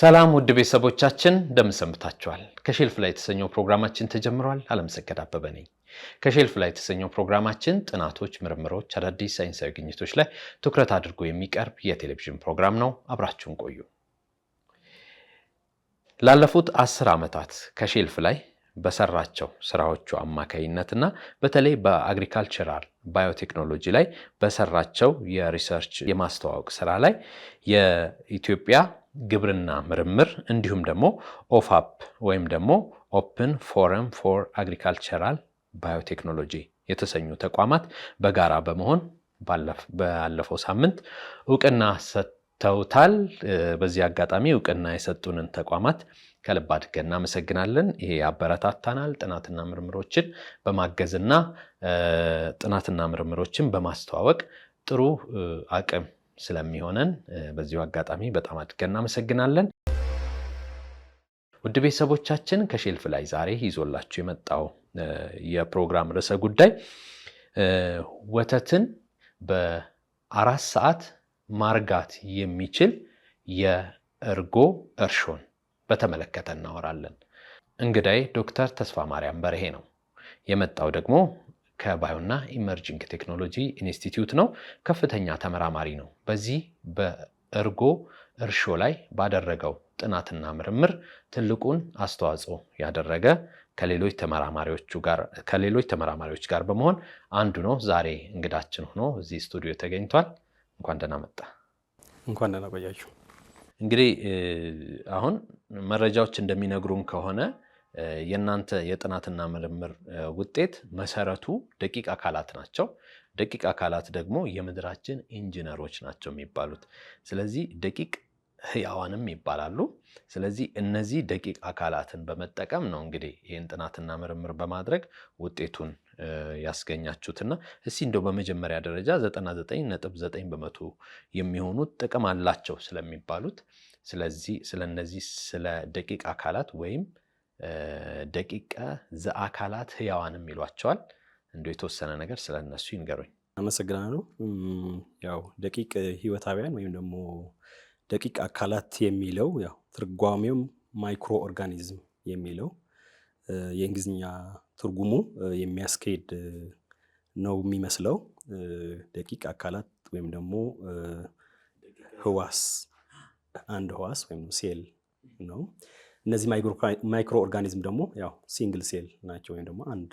ሰላም ውድ ቤተሰቦቻችን እንደምን ከሼልፍ ላይ የተሰኘው ፕሮግራማችን ተጀምሯል። አለምሰገድ አበበ ነኝ። ከሼልፍ ላይ የተሰኘው ፕሮግራማችን ጥናቶች፣ ምርምሮች፣ አዳዲስ ሳይንሳዊ ግኝቶች ላይ ትኩረት አድርጎ የሚቀርብ የቴሌቪዥን ፕሮግራም ነው። አብራችሁን ቆዩ። ላለፉት አስር ዓመታት ከሼልፍ ላይ በሰራቸው ስራዎቹ አማካይነትና በተለይ በአግሪካልቸራል ባዮቴክኖሎጂ ላይ በሰራቸው የሪሰርች የማስተዋወቅ ስራ ላይ የኢትዮጵያ ግብርና ምርምር እንዲሁም ደግሞ ኦፋፕ ወይም ደግሞ ኦፕን ፎረም ፎር አግሪካልቸራል ባዮቴክኖሎጂ የተሰኙ ተቋማት በጋራ በመሆን ባለፈው ሳምንት እውቅና ሰጥተውታል። በዚህ አጋጣሚ እውቅና የሰጡንን ተቋማት ከልብ አድገ እናመሰግናለን። ይሄ ያበረታታናል። ጥናትና ምርምሮችን በማገዝና ጥናትና ምርምሮችን በማስተዋወቅ ጥሩ አቅም ስለሚሆነን በዚሁ አጋጣሚ በጣም አድርገን እናመሰግናለን። ውድ ቤተሰቦቻችን ከሼልፍ ላይ ዛሬ ይዞላችሁ የመጣው የፕሮግራም ርዕሰ ጉዳይ ወተትን በአራት ሰዓት ማርጋት የሚችል የእርጎ እርሾን በተመለከተ እናወራለን። እንግዳይ ዶክተር ተስፋ ማርያም በርሄ ነው። የመጣው ደግሞ ከባዮና ኢመርጂንግ ቴክኖሎጂ ኢንስቲትዩት ነው። ከፍተኛ ተመራማሪ ነው። በዚህ በእርጎ እርሾ ላይ ባደረገው ጥናትና ምርምር ትልቁን አስተዋጽኦ ያደረገ ከሌሎች ተመራማሪዎቹ ጋር ከሌሎች ተመራማሪዎች ጋር በመሆን አንዱ ነው። ዛሬ እንግዳችን ሆኖ እዚህ ስቱዲዮ ተገኝቷል። እንኳን ደህና መጣ። እንኳን ደህና ቆያችሁ። እንግዲህ አሁን መረጃዎች እንደሚነግሩን ከሆነ የእናንተ የጥናትና ምርምር ውጤት መሰረቱ ደቂቅ አካላት ናቸው። ደቂቅ አካላት ደግሞ የምድራችን ኢንጂነሮች ናቸው የሚባሉት። ስለዚህ ደቂቅ ህያዋንም ይባላሉ። ስለዚህ እነዚህ ደቂቅ አካላትን በመጠቀም ነው እንግዲህ ይህን ጥናትና ምርምር በማድረግ ውጤቱን ያስገኛችሁትና እስቲ እንደው በመጀመሪያ ደረጃ 99.9 በመቶ የሚሆኑት ጥቅም አላቸው ስለሚባሉት ስለዚህ ስለነዚህ ስለ ደቂቅ አካላት ወይም ደቂቀ ዘአካላት ህያዋንም ይሏቸዋል። እንደው የተወሰነ ነገር ስለ እነሱ ይንገሩኝ። አመሰግናለሁ። ያው ደቂቅ ህይወታውያን ወይም ደግሞ ደቂቅ አካላት የሚለው ያው ትርጓሜውም ማይክሮ ኦርጋኒዝም የሚለው የእንግሊዝኛ ትርጉሙ የሚያስኬድ ነው የሚመስለው። ደቂቅ አካላት ወይም ደግሞ ህዋስ አንድ ህዋስ ወይም ሴል ነው። እነዚህ ማይክሮ ኦርጋኒዝም ደግሞ ያው ሲንግል ሴል ናቸው ወይም ደግሞ አንድ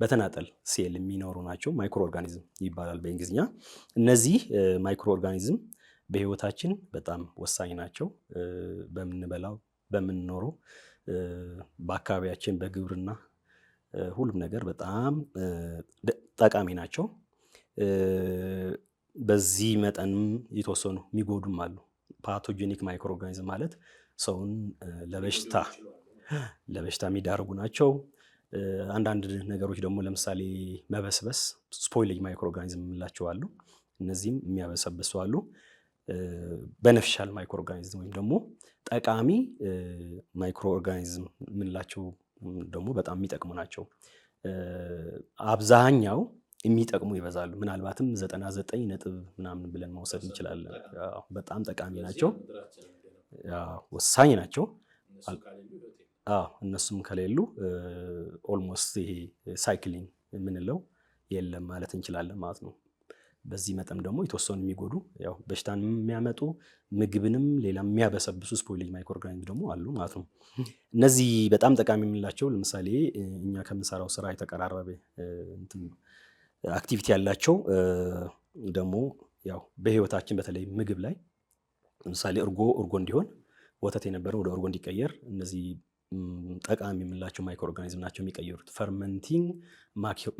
በተናጠል ሴል የሚኖሩ ናቸው። ማይክሮ ኦርጋኒዝም ይባላል በእንግሊዝኛ። እነዚህ ማይክሮ ኦርጋኒዝም በህይወታችን በጣም ወሳኝ ናቸው። በምንበላው፣ በምንኖረው፣ በአካባቢያችን፣ በግብርና ሁሉም ነገር በጣም ጠቃሚ ናቸው። በዚህ መጠንም የተወሰኑ የሚጎዱም አሉ። ፓቶጀኒክ ማይክሮ ኦርጋኒዝም ማለት ሰውን ለበሽታ ለበሽታ የሚዳርጉ ናቸው። አንዳንድ ነገሮች ደግሞ ለምሳሌ መበስበስ ስፖይሌጅ ማይክሮ ኦርጋኒዝም የምንላቸው አሉ። እነዚህም የሚያበሰብሱ አሉ። በነፍሻል ማይክሮ ኦርጋኒዝም ወይም ደግሞ ጠቃሚ ማይክሮ ኦርጋኒዝም የምንላቸው ደግሞ በጣም የሚጠቅሙ ናቸው። አብዛኛው የሚጠቅሙ ይበዛሉ። ምናልባትም ዘጠና ዘጠኝ ነጥብ ምናምን ብለን መውሰድ እንችላለን። በጣም ጠቃሚ ናቸው። ወሳኝ ናቸው። እነሱም ከሌሉ ኦልሞስት ይሄ ሳይክሊንግ የምንለው የለም ማለት እንችላለን ማለት ነው። በዚህ መጠን ደግሞ የተወሰኑ የሚጎዱ ያው በሽታን የሚያመጡ ምግብንም ሌላ የሚያበሰብሱ ስፖይሌጅ ማይክሮኦርጋኒዝም ደግሞ አሉ ማለት ነው። እነዚህ በጣም ጠቃሚ የምንላቸው ለምሳሌ እኛ ከምንሰራው ስራ የተቀራረበ አክቲቪቲ ያላቸው ደግሞ ያው በህይወታችን በተለይ ምግብ ላይ ለምሳሌ እርጎ እርጎ እንዲሆን ወተት የነበረው ወደ እርጎ እንዲቀየር እነዚህ ጠቃሚ የምንላቸው ማይክሮ ኦርጋኒዝም ናቸው የሚቀየሩት። ፈርመንቲንግ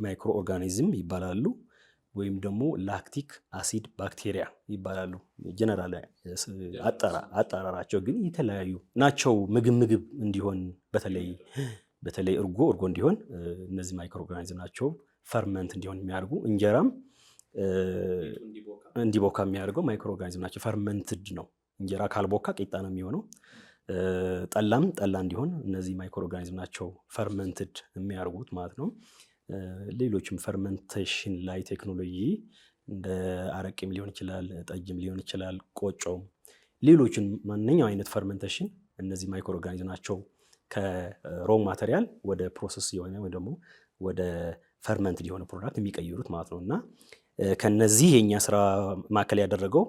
ማይክሮ ኦርጋኒዝም ይባላሉ፣ ወይም ደግሞ ላክቲክ አሲድ ባክቴሪያ ይባላሉ። ጀነራል አጠራራቸው ግን የተለያዩ ናቸው። ምግብ ምግብ እንዲሆን በተለይ በተለይ እርጎ እርጎ እንዲሆን እነዚህ ማይክሮ ኦርጋኒዝም ናቸው ፈርመንት እንዲሆን የሚያደርጉ እንጀራም እንዲቦካ የሚያደርገው ማይክሮ ኦርጋኒዝም ናቸው። ፈርመንትድ ነው እንጀራ ካልቦካ ቂጣ ነው የሚሆነው። ጠላም ጠላ እንዲሆን እነዚህ ማይክሮ ኦርጋኒዝም ናቸው ፈርመንትድ የሚያደርጉት ማለት ነው። ሌሎችም ፈርመንቴሽን ላይ ቴክኖሎጂ እንደ አረቂም ሊሆን ይችላል፣ ጠጅም ሊሆን ይችላል፣ ቆጮም፣ ሌሎችን ማንኛው አይነት ፈርመንቴሽን እነዚህ ማይክሮ ናቸው ከሮንግ ማቴሪያል ወደ ፕሮሰስ የሆነ ወይ ደግሞ ወደ ፈርመንት የሆነ ፕሮዳክት የሚቀይሩት ማለት ነው እና ከነዚህ የእኛ ስራ ማዕከል ያደረገው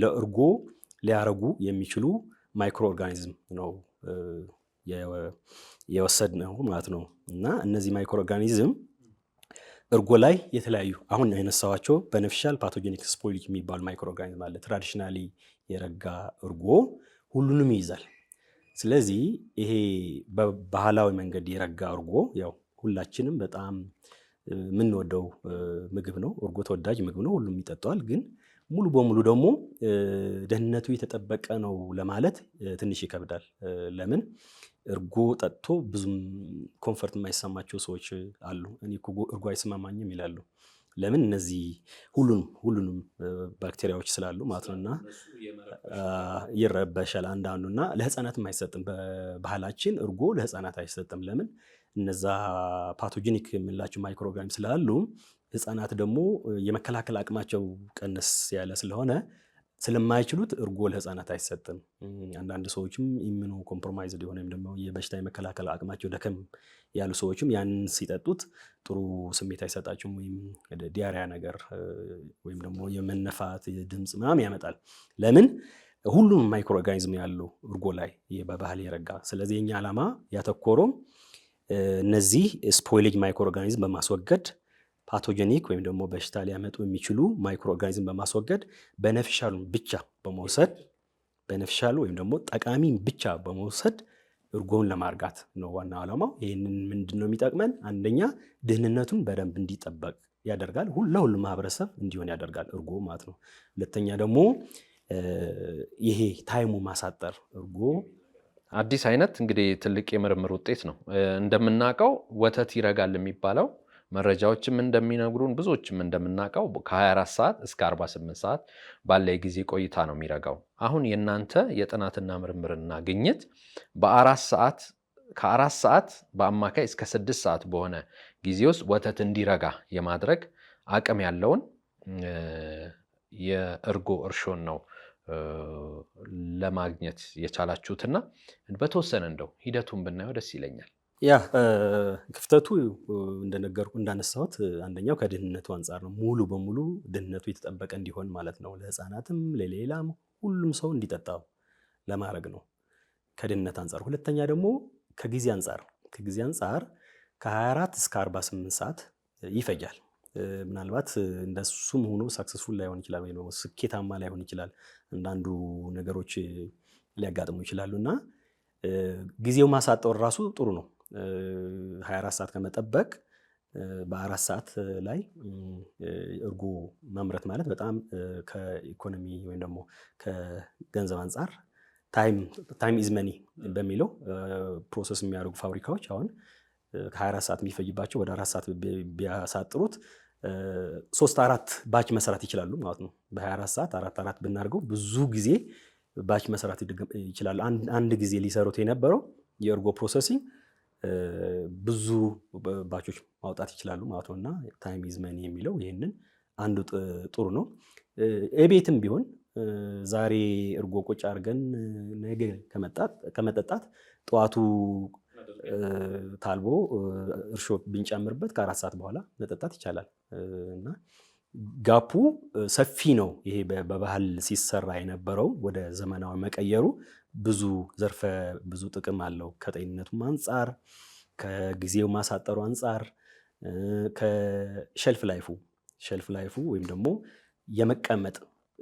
ለእርጎ ሊያረጉ የሚችሉ ማይክሮ ኦርጋኒዝም ነው የወሰድ ነው ማለት ነው። እና እነዚህ ማይክሮ ኦርጋኒዝም እርጎ ላይ የተለያዩ አሁን ያነሳዋቸው በነፍሻል ፓቶጀኒክ ስፖሊክ የሚባሉ ማይክሮ ኦርጋኒዝም አለ። ትራዲሽናሊ የረጋ እርጎ ሁሉንም ይይዛል። ስለዚህ ይሄ በባህላዊ መንገድ የረጋ እርጎ ያው ሁላችንም በጣም የምንወደው ምግብ ነው። እርጎ ተወዳጅ ምግብ ነው፣ ሁሉም ይጠጣዋል ግን ሙሉ በሙሉ ደግሞ ደህንነቱ የተጠበቀ ነው ለማለት ትንሽ ይከብዳል። ለምን እርጎ ጠጥቶ ብዙም ኮንፈርት የማይሰማቸው ሰዎች አሉ። እኔ እርጎ አይስማማኝም ይላሉ። ለምን እነዚህ ሁሉንም ሁሉንም ባክቴሪያዎች ስላሉ ማለት ነው። እና ይረበሻል አንዳንዱ እና ለህፃናትም አይሰጥም። በባህላችን እርጎ ለህፃናት አይሰጥም። ለምን እነዛ ፓቶጂኒክ የምንላቸው ማይክሮግራም ስላሉ ህፃናት ደግሞ የመከላከል አቅማቸው ቀነስ ያለ ስለሆነ ስለማይችሉት እርጎ ለህፃናት አይሰጥም። አንዳንድ ሰዎችም ኢሚኖ ኮምፕሮማይዝ የሆነ ወይም ደግሞ የበሽታ የመከላከል አቅማቸው ደከም ያሉ ሰዎችም ያንን ሲጠጡት ጥሩ ስሜት አይሰጣቸውም፣ ወይም ዲያሪያ ነገር ወይም ደግሞ የመነፋት ድምፅ ምናምን ያመጣል። ለምን? ሁሉም ማይክሮ ኦርጋኒዝም ያለው እርጎ ላይ በባህል የረጋ ስለዚህ የኛ ዓላማ ያተኮረው እነዚህ ስፖይሌጅ ማይክሮ ኦርጋኒዝም በማስወገድ ፓቶጀኒክ ወይም ደግሞ በሽታ ሊያመጡ የሚችሉ ማይክሮ ኦርጋኒዝም በማስወገድ በነፍሻሉን ብቻ በመውሰድ በነፍሻሉ ወይም ደግሞ ጠቃሚን ብቻ በመውሰድ እርጎውን ለማርጋት ነው ዋና ዓላማው። ይህንን ምንድን ነው የሚጠቅመን? አንደኛ ድህንነቱን በደንብ እንዲጠበቅ ያደርጋል። ሁለሁሉ ማህበረሰብ እንዲሆን ያደርጋል እርጎ ማለት ነው። ሁለተኛ ደግሞ ይሄ ታይሙ ማሳጠር እርጎ አዲስ አይነት እንግዲህ ትልቅ የምርምር ውጤት ነው። እንደምናውቀው ወተት ይረጋል የሚባለው መረጃዎችም እንደሚነግሩን ብዙዎችም እንደምናውቀው ከ24 ሰዓት እስከ 48 ሰዓት ባለ ጊዜ ቆይታ ነው የሚረጋው። አሁን የእናንተ የጥናትና ምርምርና ግኝት በአራት ሰዓት ከአራት ሰዓት በአማካይ እስከ ስድስት ሰዓት በሆነ ጊዜ ውስጥ ወተት እንዲረጋ የማድረግ አቅም ያለውን የእርጎ እርሾን ነው ለማግኘት የቻላችሁትና በተወሰነ እንደው ሂደቱን ብናየው ደስ ይለኛል። ያ ክፍተቱ እንደነገርኩ እንዳነሳሁት አንደኛው ከድህነቱ አንጻር ነው። ሙሉ በሙሉ ድህነቱ የተጠበቀ እንዲሆን ማለት ነው። ለህፃናትም ለሌላም ሁሉም ሰው እንዲጠጣው ለማድረግ ነው ከድህነት አንጻር። ሁለተኛ ደግሞ ከጊዜ አንጻር ከጊዜ አንጻር ከ24 እስከ 48 ሰዓት ይፈጃል። ምናልባት እንደሱም ሆኖ ሳክሰስፉል ላይሆን ይችላል፣ ወይ ስኬታማ ላይሆን ይችላል። አንዳንዱ ነገሮች ሊያጋጥሙ ይችላሉ እና ጊዜው ማሳጠር ራሱ ጥሩ ነው። 24 ሰዓት ከመጠበቅ በአራት ሰዓት ላይ እርጎ መምረት ማለት በጣም ከኢኮኖሚ ወይም ደግሞ ከገንዘብ አንጻር ታይም ኢዝ መኒ በሚለው ፕሮሰስ የሚያደርጉ ፋብሪካዎች አሁን ከ24 ሰዓት የሚፈጅባቸው ወደ አራት ሰዓት ቢያሳጥሩት ሶስት አራት ባች መሰራት ይችላሉ ማለት ነው። በ24 ሰዓት አራት አራት ብናደርገው ብዙ ጊዜ ባች መሰራት ይችላሉ። አንድ ጊዜ ሊሰሩት የነበረው የእርጎ ፕሮሰሲንግ ብዙ ባቾች ማውጣት ይችላሉ ማለት ነው እና ታይም ኢዝ መኒ የሚለው ይህንን አንዱ ጥሩ ነው። እቤትም ቢሆን ዛሬ እርጎ ቁጭ አድርገን ነገ ከመጠጣት ጠዋቱ ታልቦ እርሾ ብንጨምርበት ከአራት ሰዓት በኋላ መጠጣት ይቻላል እና ጋፑ ሰፊ ነው። ይሄ በባህል ሲሰራ የነበረው ወደ ዘመናዊ መቀየሩ ብዙ ዘርፈ ብዙ ጥቅም አለው። ከጤንነቱም አንጻር፣ ከጊዜው ማሳጠሩ አንጻር፣ ከሸልፍ ላይፉ ሸልፍ ላይፉ ወይም ደግሞ የመቀመጥ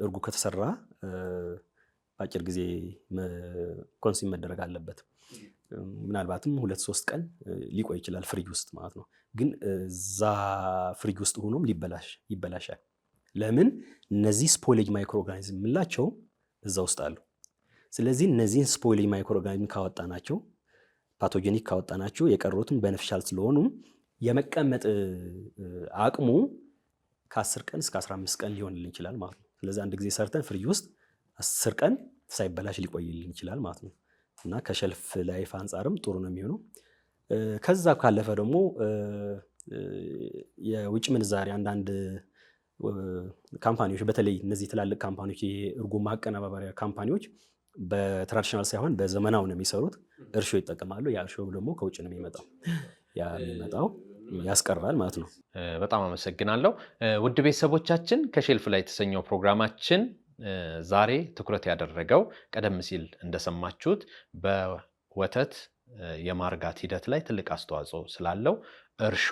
እርጉ ከተሰራ በአጭር ጊዜ ኮንሱም መደረግ አለበት። ምናልባትም ሁለት ሶስት ቀን ሊቆይ ይችላል ፍሪጅ ውስጥ ማለት ነው። ግን እዛ ፍሪጅ ውስጥ ሆኖም ይበላሻል። ለምን እነዚህ ስፖሌጅ ማይክሮ ኦርጋኒዝም የምንላቸው እዛ ውስጥ አሉ። ስለዚህ እነዚህን ስፖሌጅ ማይክሮ ኦርጋኒዝም ናቸው ፓቶጀኒክ ካወጣ ናቸው የቀሩትን በነፍሻል ስለሆኑ የመቀመጥ አቅሙ ከአስር ቀን እስከ አስራ አምስት ቀን ሊሆንልን ይችላል ማለት ነው። ስለዚህ አንድ ጊዜ ሰርተን ፍሪጅ ውስጥ አስር ቀን ሳይበላሽ ሊቆይልን ይችላል ማለት ነው። እና ከሸልፍ ላይፍ አንጻርም ጥሩ ነው የሚሆነው። ከዛ ካለፈ ደግሞ የውጭ ምንዛሪ አንዳንድ ካምፓኒዎች በተለይ እነዚህ ትላልቅ ካምፓኒዎች የእርጎ ማቀነባበሪያ ካምፓኒዎች በትራዲሽናል ሳይሆን በዘመናዊ ነው የሚሰሩት። እርሾ ይጠቀማሉ። ያ እርሾ ደግሞ ከውጭ ነው የሚመጣው። የሚመጣው ያስቀራል ማለት ነው። በጣም አመሰግናለሁ። ውድ ቤተሰቦቻችን ከሼልፍ ላይ የተሰኘው ፕሮግራማችን ዛሬ ትኩረት ያደረገው ቀደም ሲል እንደሰማችሁት በወተት የማርጋት ሂደት ላይ ትልቅ አስተዋጽኦ ስላለው እርሾ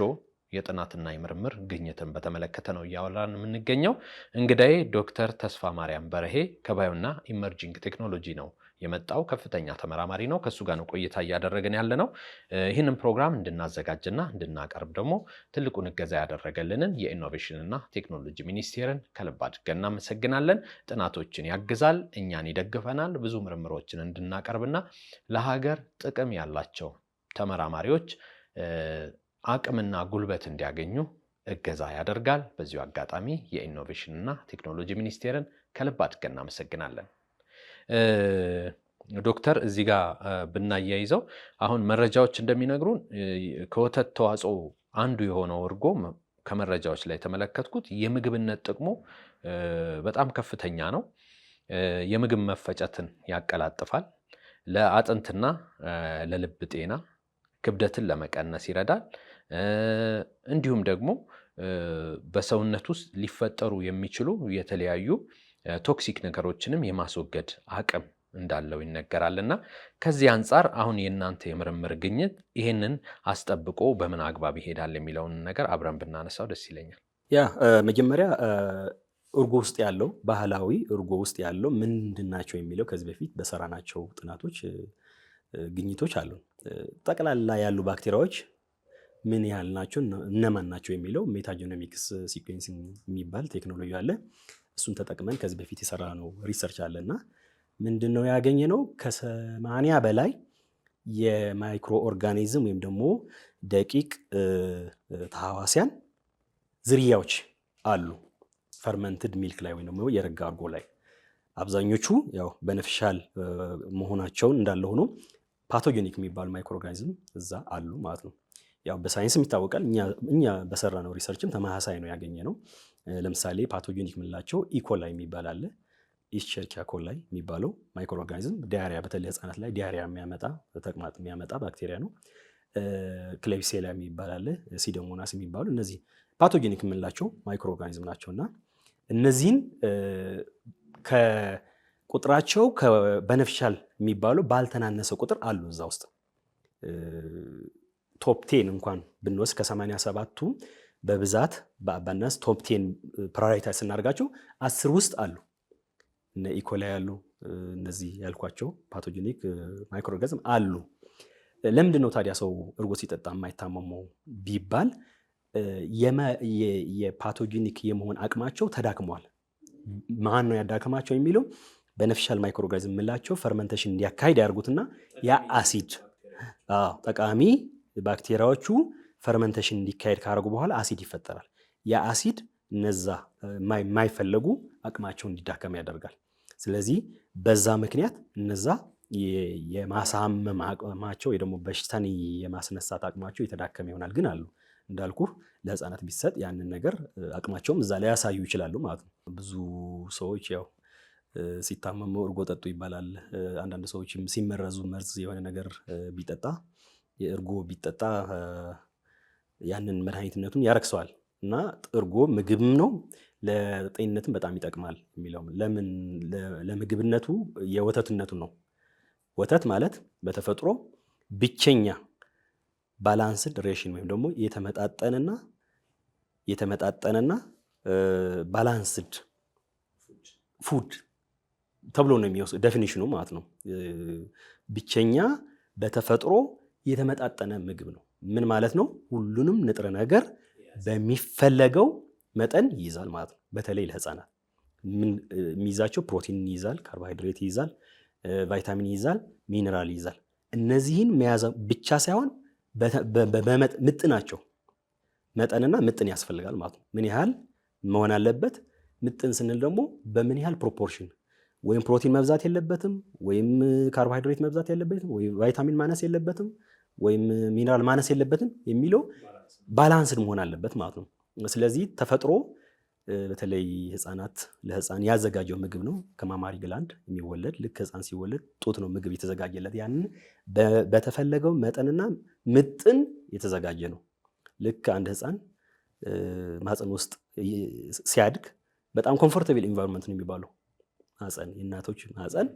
የጥናትና የምርምር ግኝትን በተመለከተ ነው እያወራን የምንገኘው። እንግዳዬ ዶክተር ተስፋ ማርያም በረሄ ከባዮና ኢመርጂንግ ቴክኖሎጂ ነው የመጣው ከፍተኛ ተመራማሪ ነው። ከእሱ ጋር ነው ቆይታ እያደረግን ያለ ነው። ይህንን ፕሮግራም እንድናዘጋጅና እንድናቀርብ ደግሞ ትልቁን እገዛ ያደረገልንን የኢኖቬሽንና ቴክኖሎጂ ሚኒስቴርን ከልብ አድርገን እናመሰግናለን። ጥናቶችን ያግዛል፣ እኛን ይደግፈናል። ብዙ ምርምሮችን እንድናቀርብና ለሀገር ጥቅም ያላቸው ተመራማሪዎች አቅምና ጉልበት እንዲያገኙ እገዛ ያደርጋል። በዚሁ አጋጣሚ የኢኖቬሽንና ቴክኖሎጂ ሚኒስቴርን ከልብ አድርገን እናመሰግናለን። ዶክተር እዚህ ጋር ብናያይዘው አሁን መረጃዎች እንደሚነግሩን ከወተት ተዋጽኦ አንዱ የሆነው እርጎ ከመረጃዎች ላይ የተመለከትኩት የምግብነት ጥቅሙ በጣም ከፍተኛ ነው። የምግብ መፈጨትን ያቀላጥፋል። ለአጥንትና ለልብ ጤና ክብደትን ለመቀነስ ይረዳል። እንዲሁም ደግሞ በሰውነት ውስጥ ሊፈጠሩ የሚችሉ የተለያዩ ቶክሲክ ነገሮችንም የማስወገድ አቅም እንዳለው ይነገራል እና ከዚህ አንጻር አሁን የእናንተ የምርምር ግኝት ይህንን አስጠብቆ በምን አግባብ ይሄዳል የሚለውን ነገር አብረን ብናነሳው ደስ ይለኛል። ያ መጀመሪያ እርጎ ውስጥ ያለው ባህላዊ እርጎ ውስጥ ያለው ምንድን ናቸው የሚለው ከዚህ በፊት በሰራናቸው ጥናቶች ግኝቶች አሉ። ጠቅላላ ያሉ ባክቴሪያዎች ምን ያህል ናቸው፣ እነማን ናቸው የሚለው ሜታጀኖሚክስ ሲኩዌንስ የሚባል ቴክኖሎጂ አለ። እሱን ተጠቅመን ከዚህ በፊት የሰራ ነው ሪሰርች አለ እና ምንድን ነው ያገኘ ነው ከሰማንያ በላይ የማይክሮ ኦርጋኒዝም ወይም ደግሞ ደቂቅ ተሐዋሲያን ዝርያዎች አሉ ፈርመንትድ ሚልክ ላይ ወይም ደግሞ የረጋ እርጎ ላይ አብዛኞቹ ያው በነፍሻል መሆናቸውን እንዳለ ሆኖ ፓቶጀኒክ የሚባሉ ማይክሮ ኦርጋኒዝም እዛ አሉ ማለት ነው። ያው በሳይንስም ይታወቃል። እኛ በሰራ ነው ሪሰርችም ተመሳሳይ ነው ያገኘ ነው። ለምሳሌ ፓቶጂኒክ የምንላቸው ኢኮላይ e. የሚባል አለ። ኢስቸርኪያ ኮላይ የሚባለው ማይክሮ ኦርጋኒዝም ዲያሪያ፣ በተለይ ህጻናት ላይ ዲያሪያ የሚያመጣ ተቅማጥ የሚያመጣ ባክቴሪያ ነው። ክሌብሴላ የሚባል አለ። ሲደሞናስ የሚባሉ እነዚህ ፓቶጂኒክ የምንላቸው ማይክሮ ኦርጋኒዝም ናቸው እና እነዚህን ከቁጥራቸው በነፍሻል የሚባለው ባልተናነሰ ቁጥር አሉ እዛ ውስጥ ቶፕ ቴን እንኳን ብንወስድ ከሰማንያ ሰባቱ በብዛት በአባናስ ቶፕ ቴን ፕራዮሪታይዝ ስናደርጋቸው አስር ውስጥ አሉ። እነ ኢኮላ e ያሉ እነዚህ ያልኳቸው ፓቶጂኒክ ማይክሮኦርጋዝም አሉ። ለምንድን ነው ታዲያ ሰው እርጎ ሲጠጣ የማይታመመው ቢባል የፓቶጂኒክ የመሆን አቅማቸው ተዳክሟል። ማን ነው ያዳከማቸው የሚለው በነፍሻል ማይክሮኦርጋኒዝም የምላቸው ፈርመንቴሽን እንዲያካሄድ ያደርጉትና ያ አሲድ ጠቃሚ ባክቴሪያዎቹ ፈርመንቴሽን እንዲካሄድ ካደረጉ በኋላ አሲድ ይፈጠራል። ያ አሲድ እነዛ የማይፈለጉ አቅማቸው እንዲዳከም ያደርጋል። ስለዚህ በዛ ምክንያት እነዛ የማሳመም አቅማቸው ወይ ደግሞ በሽታን የማስነሳት አቅማቸው የተዳከመ ይሆናል። ግን አሉ እንዳልኩ ለህፃናት ቢሰጥ ያንን ነገር አቅማቸውም እዛ ላይ ያሳዩ ይችላሉ ማለት ነው። ብዙ ሰዎች ያው ሲታመሙ እርጎ ጠጡ ይባላል። አንዳንድ ሰዎችም ሲመረዙ መርዝ የሆነ ነገር ቢጠጣ እርጎ ቢጠጣ ያንን መድኃኒትነቱን ያረክሰዋል እና ጥርጎ ምግብም ነው ለጤንነትም በጣም ይጠቅማል የሚለው ለምን ለምግብነቱ የወተትነቱ ነው። ወተት ማለት በተፈጥሮ ብቸኛ ባላንስድ ሬሽን ወይም ደግሞ የተመጣጠነና የተመጣጠነና ባላንስድ ፉድ ተብሎ ነው የሚወስድ ዴፊኒሽኑ ማለት ነው። ብቸኛ በተፈጥሮ የተመጣጠነ ምግብ ነው። ምን ማለት ነው? ሁሉንም ንጥረ ነገር በሚፈለገው መጠን ይይዛል ማለት ነው። በተለይ ለህፃናት የሚይዛቸው ፕሮቲን ይይዛል፣ ካርቦሃይድሬት ይይዛል፣ ቫይታሚን ይይዛል፣ ሚኔራል ይይዛል። እነዚህን መያዝ ብቻ ሳይሆን ምጥናቸው መጠንና ምጥን ያስፈልጋል ማለት ነው። ምን ያህል መሆን አለበት? ምጥን ስንል ደግሞ በምን ያህል ፕሮፖርሽን ወይም ፕሮቲን መብዛት የለበትም፣ ወይም ካርቦሃይድሬት መብዛት የለበትም፣ ወይም ቫይታሚን ማነስ የለበትም ወይም ሚነራል ማነስ የለበትም የሚለው ባላንስድ መሆን አለበት ማለት ነው። ስለዚህ ተፈጥሮ በተለይ ህፃናት ለህፃን ያዘጋጀው ምግብ ነው። ከማማሪ ግላንድ የሚወለድ ልክ ህፃን ሲወለድ ጡት ነው ምግብ የተዘጋጀለት። ያንን በተፈለገው መጠንና ምጥን የተዘጋጀ ነው። ልክ አንድ ህፃን ማፀን ውስጥ ሲያድግ በጣም ኮንፎርታብል ኢንቫይሮንመንት ነው የሚባለው ማፀን፣ የእናቶች ማፀን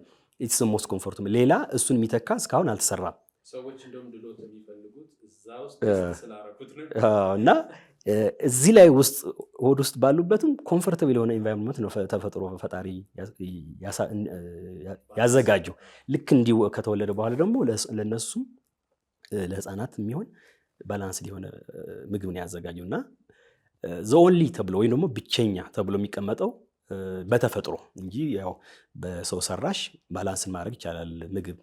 ኢትስ ሞስት ኮምፎርት። ሌላ እሱን የሚተካ እስካሁን አልተሰራም። ሰዎች እንደውም ድሎት የሚፈልጉት እዛ ውስጥ ስላደረኩት ነው እና እዚህ ላይ ውስጥ ሆድ ውስጥ ባሉበትም ኮምፎርታብል የሆነ ኢንቫይሮንመንት ነው ተፈጥሮ ፈጣሪ ያዘጋጀው። ልክ እንዲሁ ከተወለደ በኋላ ደግሞ ለነሱም ለህፃናት የሚሆን ባላንስ የሆነ ምግብ ነው ያዘጋጀው እና ዘ ኦንሊ ተብሎ ወይም ደግሞ ብቸኛ ተብሎ የሚቀመጠው በተፈጥሮ እንጂ ያው በሰው ሰራሽ ባላንስን ማድረግ ይቻላል። ምግብ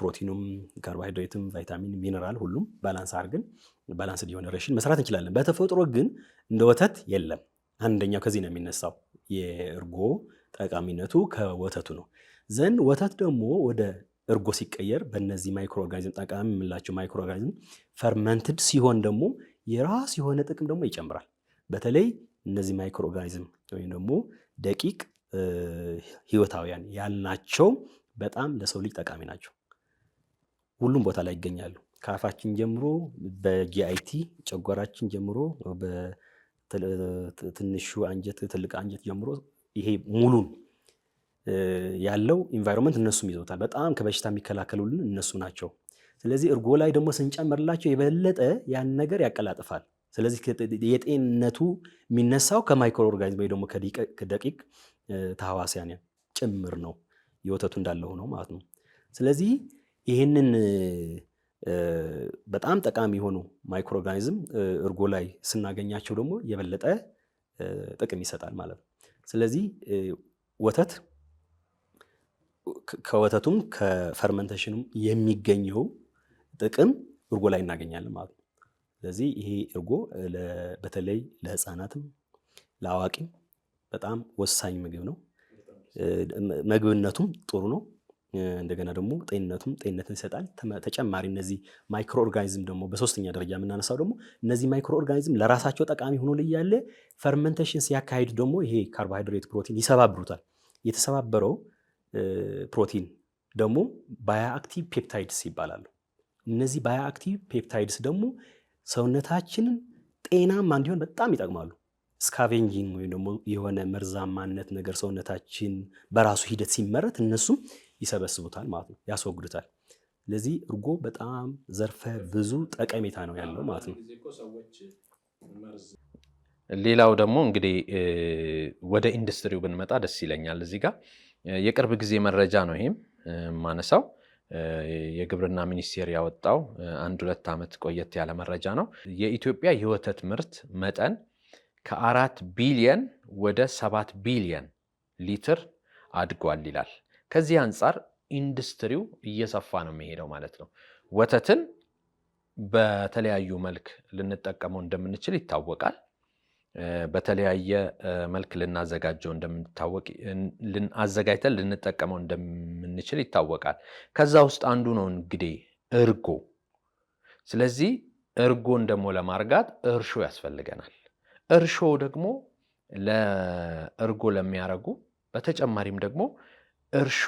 ፕሮቲኑም፣ ካርቦሃይድሬትም፣ ቫይታሚን፣ ሚነራል ሁሉም ባላንስ አድርገን ባላንስ ሊሆን ሬሽን መስራት እንችላለን። በተፈጥሮ ግን እንደ ወተት የለም። አንደኛው ከዚህ ነው የሚነሳው የእርጎ ጠቃሚነቱ ከወተቱ ነው። ዘንድ ወተት ደግሞ ወደ እርጎ ሲቀየር በእነዚህ ማይክሮ ኦርጋኒዝም ጠቃሚ የምንላቸው ማይክሮ ኦርጋኒዝም ፈርመንትድ ሲሆን ደግሞ የራስ የሆነ ጥቅም ደግሞ ይጨምራል። በተለይ እነዚህ ማይክሮ ኦርጋኒዝም ወይም ደግሞ ደቂቅ ህይወታውያን ያልናቸው በጣም ለሰው ልጅ ጠቃሚ ናቸው። ሁሉም ቦታ ላይ ይገኛሉ። ከአፋችን ጀምሮ በጂአይቲ ጨጓራችን ጀምሮ በትንሹ አንጀት፣ ትልቅ አንጀት ጀምሮ ይሄ ሙሉን ያለው ኢንቫይሮንመንት እነሱም ይዘውታል። በጣም ከበሽታ የሚከላከሉልን እነሱ ናቸው። ስለዚህ እርጎ ላይ ደግሞ ስንጨምርላቸው የበለጠ ያን ነገር ያቀላጥፋል። ስለዚህ የጤንነቱ የሚነሳው ከማይክሮ ኦርጋኒዝም ወይ ደግሞ ከደቂቅ ተህዋሲያን ጭምር ነው። የወተቱ እንዳለ ሆኖ ማለት ነው። ስለዚህ ይህንን በጣም ጠቃሚ የሆኑ ማይክሮ ኦርጋኒዝም እርጎ ላይ ስናገኛቸው ደግሞ የበለጠ ጥቅም ይሰጣል ማለት ነው። ስለዚህ ወተት ከወተቱም ከፈርመንቴሽኑም የሚገኘው ጥቅም እርጎ ላይ እናገኛለን ማለት ነው። ስለዚህ ይሄ እርጎ በተለይ ለህፃናትም ለአዋቂም በጣም ወሳኝ ምግብ ነው። ምግብነቱም ጥሩ ነው። እንደገና ደግሞ ጤንነቱም ጤንነትን ይሰጣል። ተጨማሪ እነዚህ ማይክሮ ኦርጋኒዝም ደግሞ በሶስተኛ ደረጃ የምናነሳው ደግሞ እነዚህ ማይክሮ ኦርጋኒዝም ለራሳቸው ጠቃሚ ሆኖ እያለ ፈርመንቴሽን ሲያካሂድ ደግሞ ይሄ ካርቦሃይድሬት፣ ፕሮቲን ይሰባብሩታል። የተሰባበረው ፕሮቲን ደግሞ ባዮአክቲቭ ፔፕታይድስ ይባላሉ። እነዚህ ባዮአክቲቭ ፔፕታይድስ ደግሞ ሰውነታችንን ጤናማ እንዲሆን በጣም ይጠቅማሉ። ስካቬንጂንግ ወይም ደግሞ የሆነ መርዛማነት ነገር ሰውነታችን በራሱ ሂደት ሲመረት እነሱም ይሰበስቡታል ማለት ነው፣ ያስወግዱታል። ስለዚህ እርጎ በጣም ዘርፈ ብዙ ጠቀሜታ ነው ያለው ማለት ነው። ሌላው ደግሞ እንግዲህ ወደ ኢንዱስትሪው ብንመጣ ደስ ይለኛል። እዚህ ጋር የቅርብ ጊዜ መረጃ ነው ይሄም ማነሳው የግብርና ሚኒስቴር ያወጣው አንድ ሁለት ዓመት ቆየት ያለ መረጃ ነው። የኢትዮጵያ የወተት ምርት መጠን ከአራት ቢሊየን ወደ ሰባት ቢሊየን ሊትር አድጓል ይላል። ከዚህ አንጻር ኢንዱስትሪው እየሰፋ ነው የሚሄደው ማለት ነው። ወተትን በተለያዩ መልክ ልንጠቀመው እንደምንችል ይታወቃል። በተለያየ መልክ ልናዘጋጀው እንደምታወቅ አዘጋጅተን ልንጠቀመው እንደምንችል ይታወቃል። ከዛ ውስጥ አንዱ ነው እንግዲህ እርጎ። ስለዚህ እርጎን ደግሞ ለማርጋት እርሾ ያስፈልገናል። እርሾ ደግሞ ለእርጎ ለሚያረጉ በተጨማሪም ደግሞ እርሾ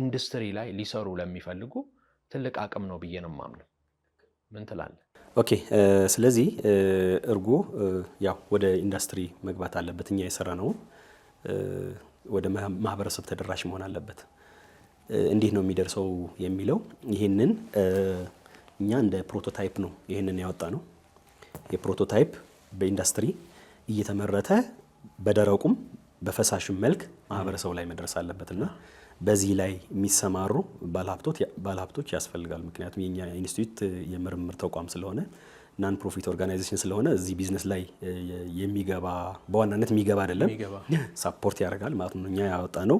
ኢንዱስትሪ ላይ ሊሰሩ ለሚፈልጉ ትልቅ አቅም ነው ብዬ ነው የማምነው። ምን ትላለህ? ኦኬ ስለዚህ እርጎ ያው ወደ ኢንዱስትሪ መግባት አለበት። እኛ የሰራ ነው ወደ ማህበረሰብ ተደራሽ መሆን አለበት። እንዴት ነው የሚደርሰው የሚለው ይህንን እኛ እንደ ፕሮቶታይፕ ነው ይህንን ያወጣ ነው። የፕሮቶታይፕ በኢንዱስትሪ እየተመረተ በደረቁም በፈሳሽም መልክ ማህበረሰቡ ላይ መድረስ አለበት እና በዚህ ላይ የሚሰማሩ ባለሀብቶች ያስፈልጋሉ ምክንያቱም የኛ ኢንስቲትዩት የምርምር ተቋም ስለሆነ ናን ፕሮፊት ኦርጋናይዜሽን ስለሆነ እዚህ ቢዝነስ ላይ የሚገባ በዋናነት የሚገባ አይደለም፣ ሳፖርት ያደርጋል ማለት ነው። እኛ ያወጣ ነው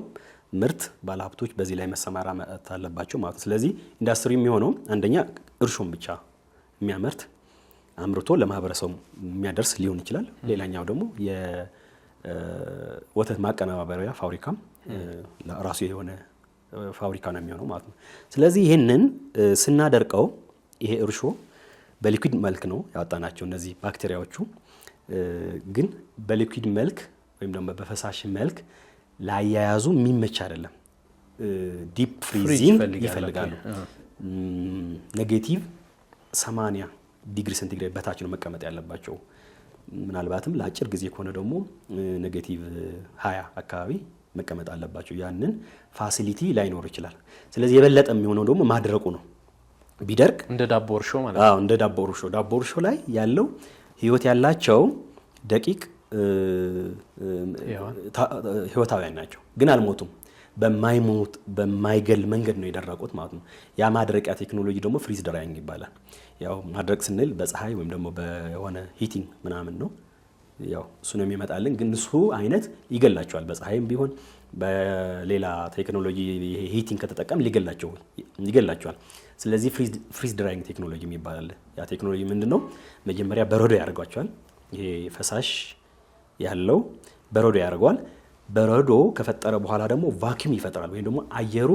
ምርት ባለሀብቶች በዚህ ላይ መጠት አለባቸው ማለት ነው። ስለዚህ ኢንዱስትሪ የሚሆነው አንደኛ እርሾን ብቻ የሚያመርት አምርቶ ለማህበረሰቡ የሚያደርስ ሊሆን ይችላል። ሌላኛው ደግሞ የወተት ማቀነባበሪያ ፋብሪካም ራሱ የሆነ ፋብሪካ ነው የሚሆነው ማለት ነው። ስለዚህ ይህንን ስናደርቀው ይሄ እርሾ በሊኩድ መልክ ነው ያወጣናቸው እነዚህ ባክቴሪያዎቹ ግን በሊኩድ መልክ ወይም ደግሞ በፈሳሽ መልክ ላያያዙ የሚመች አይደለም። ዲፕ ፍሪዚን ይፈልጋሉ። ኔጌቲቭ 80 ዲግሪ ሴንቲግሬድ በታች ነው መቀመጥ ያለባቸው። ምናልባትም ለአጭር ጊዜ ከሆነ ደግሞ ኔጌቲቭ 20 አካባቢ መቀመጥ አለባቸው። ያንን ፋሲሊቲ ላይኖር ይችላል። ስለዚህ የበለጠ የሚሆነው ደግሞ ማድረቁ ነው። ቢደርቅ እንደ ዳቦ እርሾ ማለት ነው። እንደ ዳቦ እርሾ ዳቦ እርሾ ላይ ያለው ህይወት ያላቸው ደቂቅ ህይወታውያን ናቸው፣ ግን አልሞቱም። በማይሞት በማይገል መንገድ ነው የደረቁት ማለት ነው። ያ ማድረቂያ ቴክኖሎጂ ደግሞ ፍሪዝ ድራይንግ ይባላል። ያው ማድረቅ ስንል በፀሐይ ወይም ደግሞ በሆነ ሂቲንግ ምናምን ነው። ያው እሱ ነው የሚመጣልን። ግን እሱ አይነት ይገላቸዋል። በፀሐይም ቢሆን በሌላ ቴክኖሎጂ ሂቲንግ ከተጠቀም ይገላቸዋል። ስለዚህ ፍሪዝ ድራይንግ ቴክኖሎጂ የሚባል ያ ቴክኖሎጂ ምንድን ነው? መጀመሪያ በረዶ ያደርጓቸዋል። ይሄ ፈሳሽ ያለው በረዶ ያደርገዋል። በረዶ ከፈጠረ በኋላ ደግሞ ቫኪዩም ይፈጥራል፣ ወይም ደግሞ አየሩ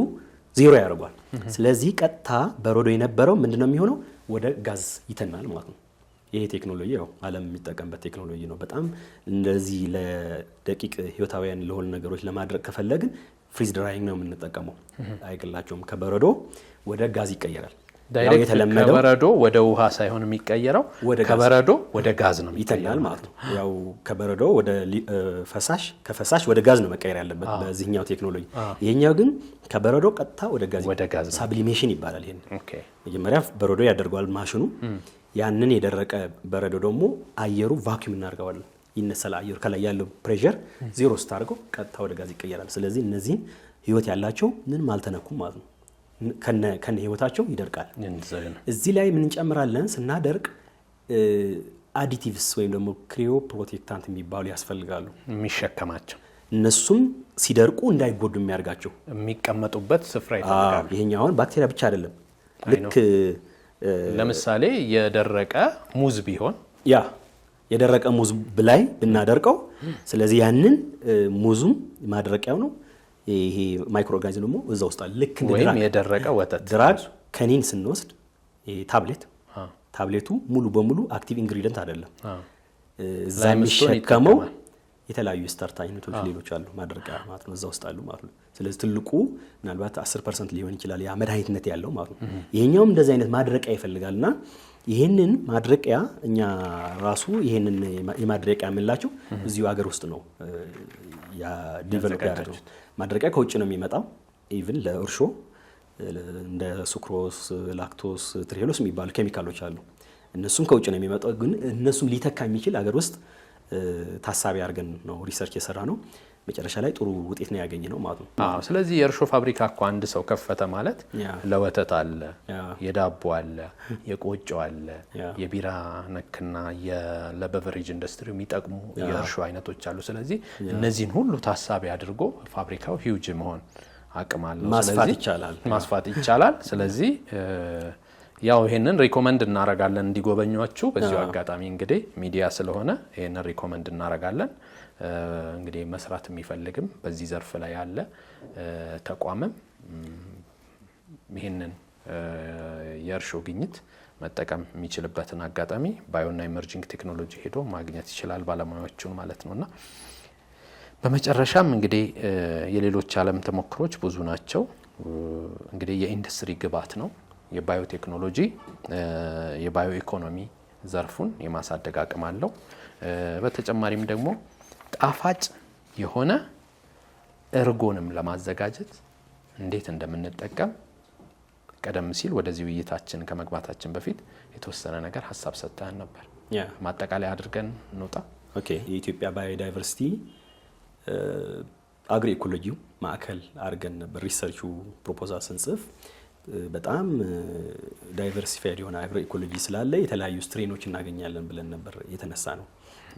ዜሮ ያደርጓል። ስለዚህ ቀጥታ በረዶ የነበረው ምንድነው የሚሆነው? ወደ ጋዝ ይተናል ማለት ነው። ይሄ ቴክኖሎጂ ያው ዓለም የሚጠቀምበት ቴክኖሎጂ ነው። በጣም እንደዚህ ለደቂቅ ህይወታዊያን ለሆኑ ነገሮች ለማድረግ ከፈለግን ፍሪዝ ድራይንግ ነው የምንጠቀመው። አይቅላቸውም ከበረዶ ወደ ጋዝ ይቀየራል። ዳይሬክት ከበረዶ ወደ ውሃ ሳይሆን የሚቀየረው ከበረዶ ወደ ጋዝ ነው ይተናል ማለት ነው። ያው ከበረዶ ወደ ፈሳሽ ከፈሳሽ ወደ ጋዝ ነው መቀየር ያለበት በዚህኛው ቴክኖሎጂ። ይሄኛው ግን ከበረዶ ቀጥታ ወደ ጋዝ ወደ ጋዝ ሳብሊሜሽን ይባላል። ይሄን መጀመሪያ በረዶ ያደርገዋል ማሽኑ። ያንን የደረቀ በረዶ ደግሞ አየሩ ቫኪዩም እናደርገዋለን ይነሰላ አየር ከላይ ያለው ፕሬሸር ዜሮ ስታደርገው ቀጥታ ወደ ጋዝ ይቀየራል። ስለዚህ እነዚህ ህይወት ያላቸው ምንም አልተነኩም ማለት ነው። ከነ ህይወታቸው ይደርቃል። እዚህ ላይ ምን እንጨምራለን? ስናደርቅ አዲቲቭስ ወይም ደግሞ ክሪዮ ፕሮቴክታንት የሚባሉ ያስፈልጋሉ የሚሸከማቸው እነሱም ሲደርቁ እንዳይጎዱ የሚያደርጋቸው የሚቀመጡበት ስፍራ ይፈልጋሉ። ይሄኛ አሁን ባክቴሪያ ብቻ አይደለም። ልክ ለምሳሌ የደረቀ ሙዝ ቢሆን ያ የደረቀ ሙዝ ላይ ብናደርቀው፣ ስለዚህ ያንን ሙዙም ማድረቂያው ነው ይሄ ማይክሮ ኦርጋኒዝም ደግሞ እዛ ውስጥ አለ። ልክ ወይም የደረቀ ወተት ድራግ ከኒን ስንወስድ ታብሌት ታብሌቱ ሙሉ በሙሉ አክቲቭ ኢንግሪዲየንት አይደለም። እዛ የሚሸከመው የተለያዩ የስተርት አይነቶች ሌሎች አሉ ማድረቂያ ማለት ነው እዛ ውስጥ አሉ ማለት ነው። ስለዚህ ትልቁ ምናልባት 10 ፐርሰንት ሊሆን ይችላል ያ መድኃኒትነት ያለው ማለት ነው። ይሄኛውም እንደዚህ አይነት ማድረቂያ ይፈልጋል እና ይህንን ማድረቂያ እኛ ራሱ ይህንን የማድረቂያ የምንላቸው እዚሁ ሀገር ውስጥ ነው ዲቨሎፕ ያደረግነው ማድረቂያ ከውጭ ነው የሚመጣው። ኢቭን ለእርሾ እንደ ሱክሮስ፣ ላክቶስ፣ ትሪሄሎስ የሚባሉ ኬሚካሎች አሉ። እነሱም ከውጭ ነው የሚመጣው። ግን እነሱም ሊተካ የሚችል አገር ውስጥ ታሳቢ አድርገን ነው ሪሰርች የሰራ ነው። መጨረሻ ላይ ጥሩ ውጤት ነው ያገኘ ነው ማለት ነው። ስለዚህ የእርሾ ፋብሪካ እኮ አንድ ሰው ከፈተ ማለት ለወተት አለ፣ የዳቦ አለ፣ የቆጮ አለ፣ የቢራ ነክና ለበቨሬጅ ኢንዱስትሪ የሚጠቅሙ የእርሾ አይነቶች አሉ። ስለዚህ እነዚህን ሁሉ ታሳቢ አድርጎ ፋብሪካው ሂውጅ መሆን አቅም አለው። ማስፋት ይቻላል። ስለዚህ ያው ይሄንን ሪኮመንድ እናረጋለን እንዲጎበኟችሁ። በዚሁ አጋጣሚ እንግዲህ ሚዲያ ስለሆነ ይሄንን ሪኮመንድ እናረጋለን። እንግዲህ መስራት የሚፈልግም በዚህ ዘርፍ ላይ ያለ ተቋምም ይህንን የእርሾ ግኝት መጠቀም የሚችልበትን አጋጣሚ ባዮና ኢመርጂንግ ቴክኖሎጂ ሄዶ ማግኘት ይችላል፣ ባለሙያዎቹን ማለት ነውና በመጨረሻም እንግዲህ የሌሎች ዓለም ተሞክሮች ብዙ ናቸው። እንግዲህ የኢንዱስትሪ ግብዓት ነው። የባዮቴክኖሎጂ የባዮ ኢኮኖሚ ዘርፉን የማሳደግ አቅም አለው። በተጨማሪም ደግሞ ጣፋጭ የሆነ እርጎንም ለማዘጋጀት እንዴት እንደምንጠቀም ቀደም ሲል ወደዚህ ውይይታችን ከመግባታችን በፊት የተወሰነ ነገር ሀሳብ ሰጥተን ነበር። ማጠቃለያ አድርገን እንውጣ። ኦኬ የኢትዮጵያ ባዮዳይቨርሲቲ አግሪ ኢኮሎጂው ማዕከል አድርገን ነበር ሪሰርቹ ፕሮፖዛል ስንጽፍ በጣም ዳይቨርሲፋይድ የሆነ አግሮ ኢኮሎጂ ስላለ የተለያዩ ስትሬኖች እናገኛለን ብለን ነበር የተነሳ ነው።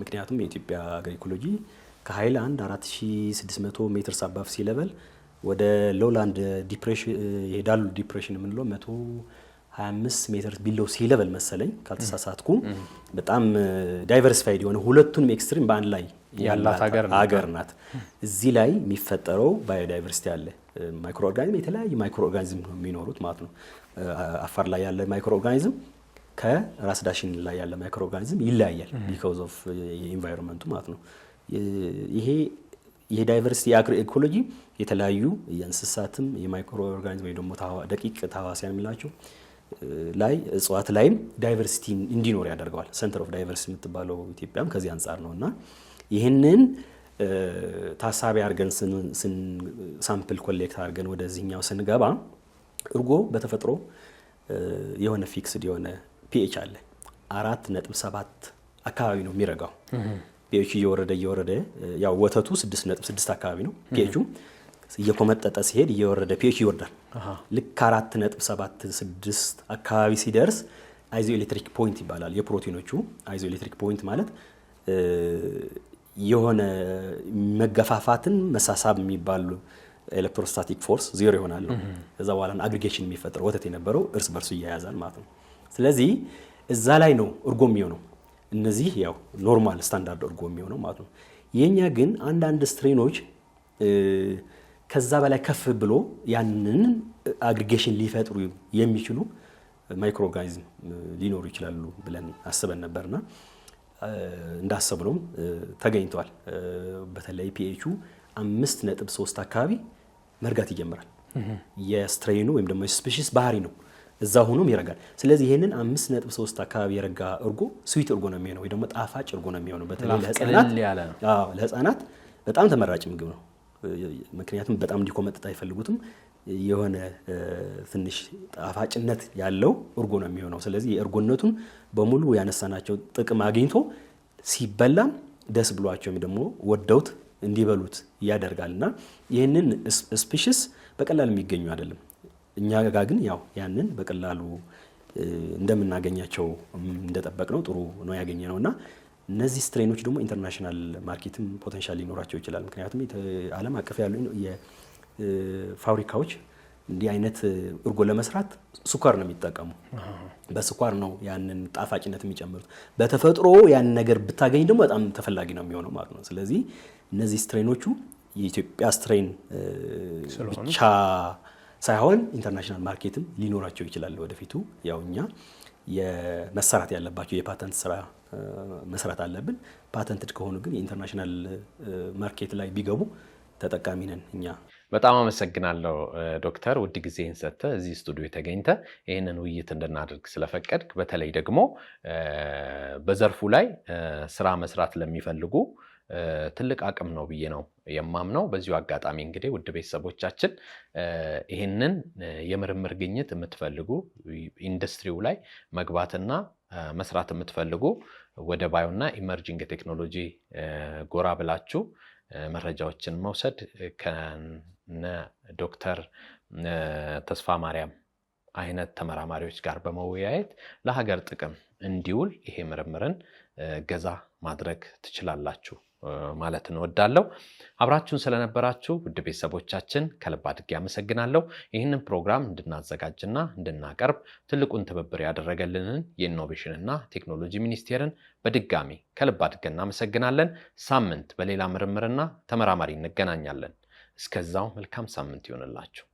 ምክንያቱም የኢትዮጵያ አግሮ ኢኮሎጂ ከሃይላንድ 4600 ሜትር ሳባፍ ሲለበል ወደ ሎላንድ ዲፕሬሽን የዳሉ ዲፕሬሽን የምንለው 125 ሜትር ቢሎ ሲለበል መሰለኝ ካልተሳሳትኩ በጣም ዳይቨርሲፋይድ የሆነ ሁለቱንም ኤክስትሪም በአንድ ላይ ያላት ሀገር ናት። እዚህ ላይ የሚፈጠረው ባዮዳይቨርሲቲ አለ ማይክሮ ኦርጋኒዝም የተለያዩ ማይክሮ ኦርጋኒዝም ነው የሚኖሩት ማለት ነው። አፋር ላይ ያለ ማይክሮ ኦርጋኒዝም ከራስ ዳሽን ላይ ያለ ማይክሮ ኦርጋኒዝም ይለያያል፣ ቢካውዝ ኦፍ ኢንቫይሮንመንቱ ማለት ነው። ይሄ ይሄ ዳይቨርሲቲ የአግሪ ኢኮሎጂ የተለያዩ የእንስሳትም የማይክሮ ኦርጋኒዝም ወይ ደግሞ ደቂቅ ተህዋሲያን የሚላቸው uh, ላይ እጽዋት ላይም ዳይቨርሲቲ እንዲኖር ያደርገዋል። ሰንተር ኦፍ ዳይቨርሲቲ የምትባለው ኢትዮጵያም ከዚህ አንጻር ነው እና ይህንን ታሳቢ አድርገን ሳምፕል ኮሌክት አድርገን ወደዚህኛው ስንገባ እርጎ በተፈጥሮ የሆነ ፊክስድ የሆነ ፒኤች አለ። አራት ነጥብ ሰባት አካባቢ ነው የሚረጋው። ፒኤቹ እየወረደ እየወረደ ያው ወተቱ ስድስት ነጥብ ስድስት አካባቢ ነው ፒኤቹ እየኮመጠጠ ሲሄድ እየወረደ ፒኤች ይወርዳል። ልክ አራት ነጥብ ሰባት ስድስት አካባቢ ሲደርስ አይዞ ኤሌክትሪክ ፖይንት ይባላል። የፕሮቲኖቹ አይዞ ኤሌክትሪክ ፖይንት ማለት የሆነ መገፋፋትን መሳሳብ የሚባሉ ኤሌክትሮስታቲክ ፎርስ ዜሮ ይሆናሉ። እዛ በኋላ አግሪጌሽን የሚፈጠረው ወተት የነበረው እርስ በርሱ እያያዛል ማለት ነው። ስለዚህ እዛ ላይ ነው እርጎ የሚሆነው። እነዚህ ያው ኖርማል ስታንዳርድ እርጎ የሚሆነው ማለት ነው። የእኛ ግን አንዳንድ ስትሬኖች ከዛ በላይ ከፍ ብሎ ያንን አግሪጌሽን ሊፈጥሩ የሚችሉ ማይክሮ ኦርጋኒዝም ሊኖሩ ይችላሉ ብለን አስበን ነበርና እንዳሰብነው ተገኝተዋል። በተለይ ፒኤቹ አምስት ነጥብ ሶስት አካባቢ መርጋት ይጀምራል። የስትሬኑ ወይም ደግሞ የስፔሽስ ባህሪ ነው እዛ ሆኖም ይረጋል። ስለዚህ ይህንን አምስት ነጥብ ሶስት አካባቢ የረጋ እርጎ ስዊት እርጎ ነው የሚሆነው ወይ ደግሞ ጣፋጭ እርጎ ነው የሚሆነው። በተለይ ለህፃናት በጣም ተመራጭ ምግብ ነው። ምክንያቱም በጣም እንዲኮመጥጥ አይፈልጉትም። የሆነ ትንሽ ጣፋጭነት ያለው እርጎ ነው የሚሆነው። ስለዚህ የእርጎነቱን በሙሉ ያነሳናቸው ጥቅም አግኝቶ ሲበላም ደስ ብሏቸውም ደግሞ ወደውት እንዲበሉት ያደርጋል እና ይህንን ስፒሽስ በቀላል የሚገኙ አይደለም። እኛ ጋ ግን ያው ያንን በቀላሉ እንደምናገኛቸው እንደጠበቅ ነው ጥሩ ነው ያገኘ ነው እና እነዚህ ስትሬኖች ደግሞ ኢንተርናሽናል ማርኬትም ፖቴንሻል ሊኖራቸው ይችላል። ምክንያቱም ዓለም አቀፍ ያሉ ፋብሪካዎች እንዲህ አይነት እርጎ ለመስራት ስኳር ነው የሚጠቀሙ። በስኳር ነው ያንን ጣፋጭነት የሚጨምሩት። በተፈጥሮ ያንን ነገር ብታገኝ ደግሞ በጣም ተፈላጊ ነው የሚሆነው ማለት ነው። ስለዚህ እነዚህ ስትሬኖቹ የኢትዮጵያ ስትሬን ብቻ ሳይሆን ኢንተርናሽናል ማርኬትም ሊኖራቸው ይችላል ወደፊቱ። ያው እኛ የመሰራት ያለባቸው የፓተንት ስራ መስራት አለብን። ፓተንትድ ከሆኑ ግን የኢንተርናሽናል ማርኬት ላይ ቢገቡ ተጠቃሚ ነን እኛ። በጣም አመሰግናለሁ ዶክተር ውድ ጊዜህን ሰጥተህ እዚህ ስቱዲዮ ተገኝተ ይህንን ውይይት እንድናደርግ ስለፈቀድክ፣ በተለይ ደግሞ በዘርፉ ላይ ስራ መስራት ለሚፈልጉ ትልቅ አቅም ነው ብዬ ነው የማምነው። በዚሁ አጋጣሚ እንግዲህ ውድ ቤተሰቦቻችን ይህንን የምርምር ግኝት የምትፈልጉ ኢንዱስትሪው ላይ መግባትና መስራት የምትፈልጉ ወደ ባዮና ኢመርጂንግ ቴክኖሎጂ ጎራ ብላችሁ መረጃዎችን መውሰድ ከነ ዶክተር ተስፋ ማርያም አይነት ተመራማሪዎች ጋር በመወያየት ለሀገር ጥቅም እንዲውል ይሄ ምርምርን ገዛ ማድረግ ትችላላችሁ። ማለት እንወዳለሁ። አብራችሁን ስለነበራችሁ ውድ ቤተሰቦቻችን ከልብ አድርጌ አመሰግናለሁ። ይህንን ፕሮግራም እንድናዘጋጅና እንድናቀርብ ትልቁን ትብብር ያደረገልንን የኢኖቬሽንና ቴክኖሎጂ ሚኒስቴርን በድጋሚ ከልብ አድገ እናመሰግናለን። ሳምንት በሌላ ምርምርና ተመራማሪ እንገናኛለን። እስከዛው መልካም ሳምንት ይሆንላችሁ።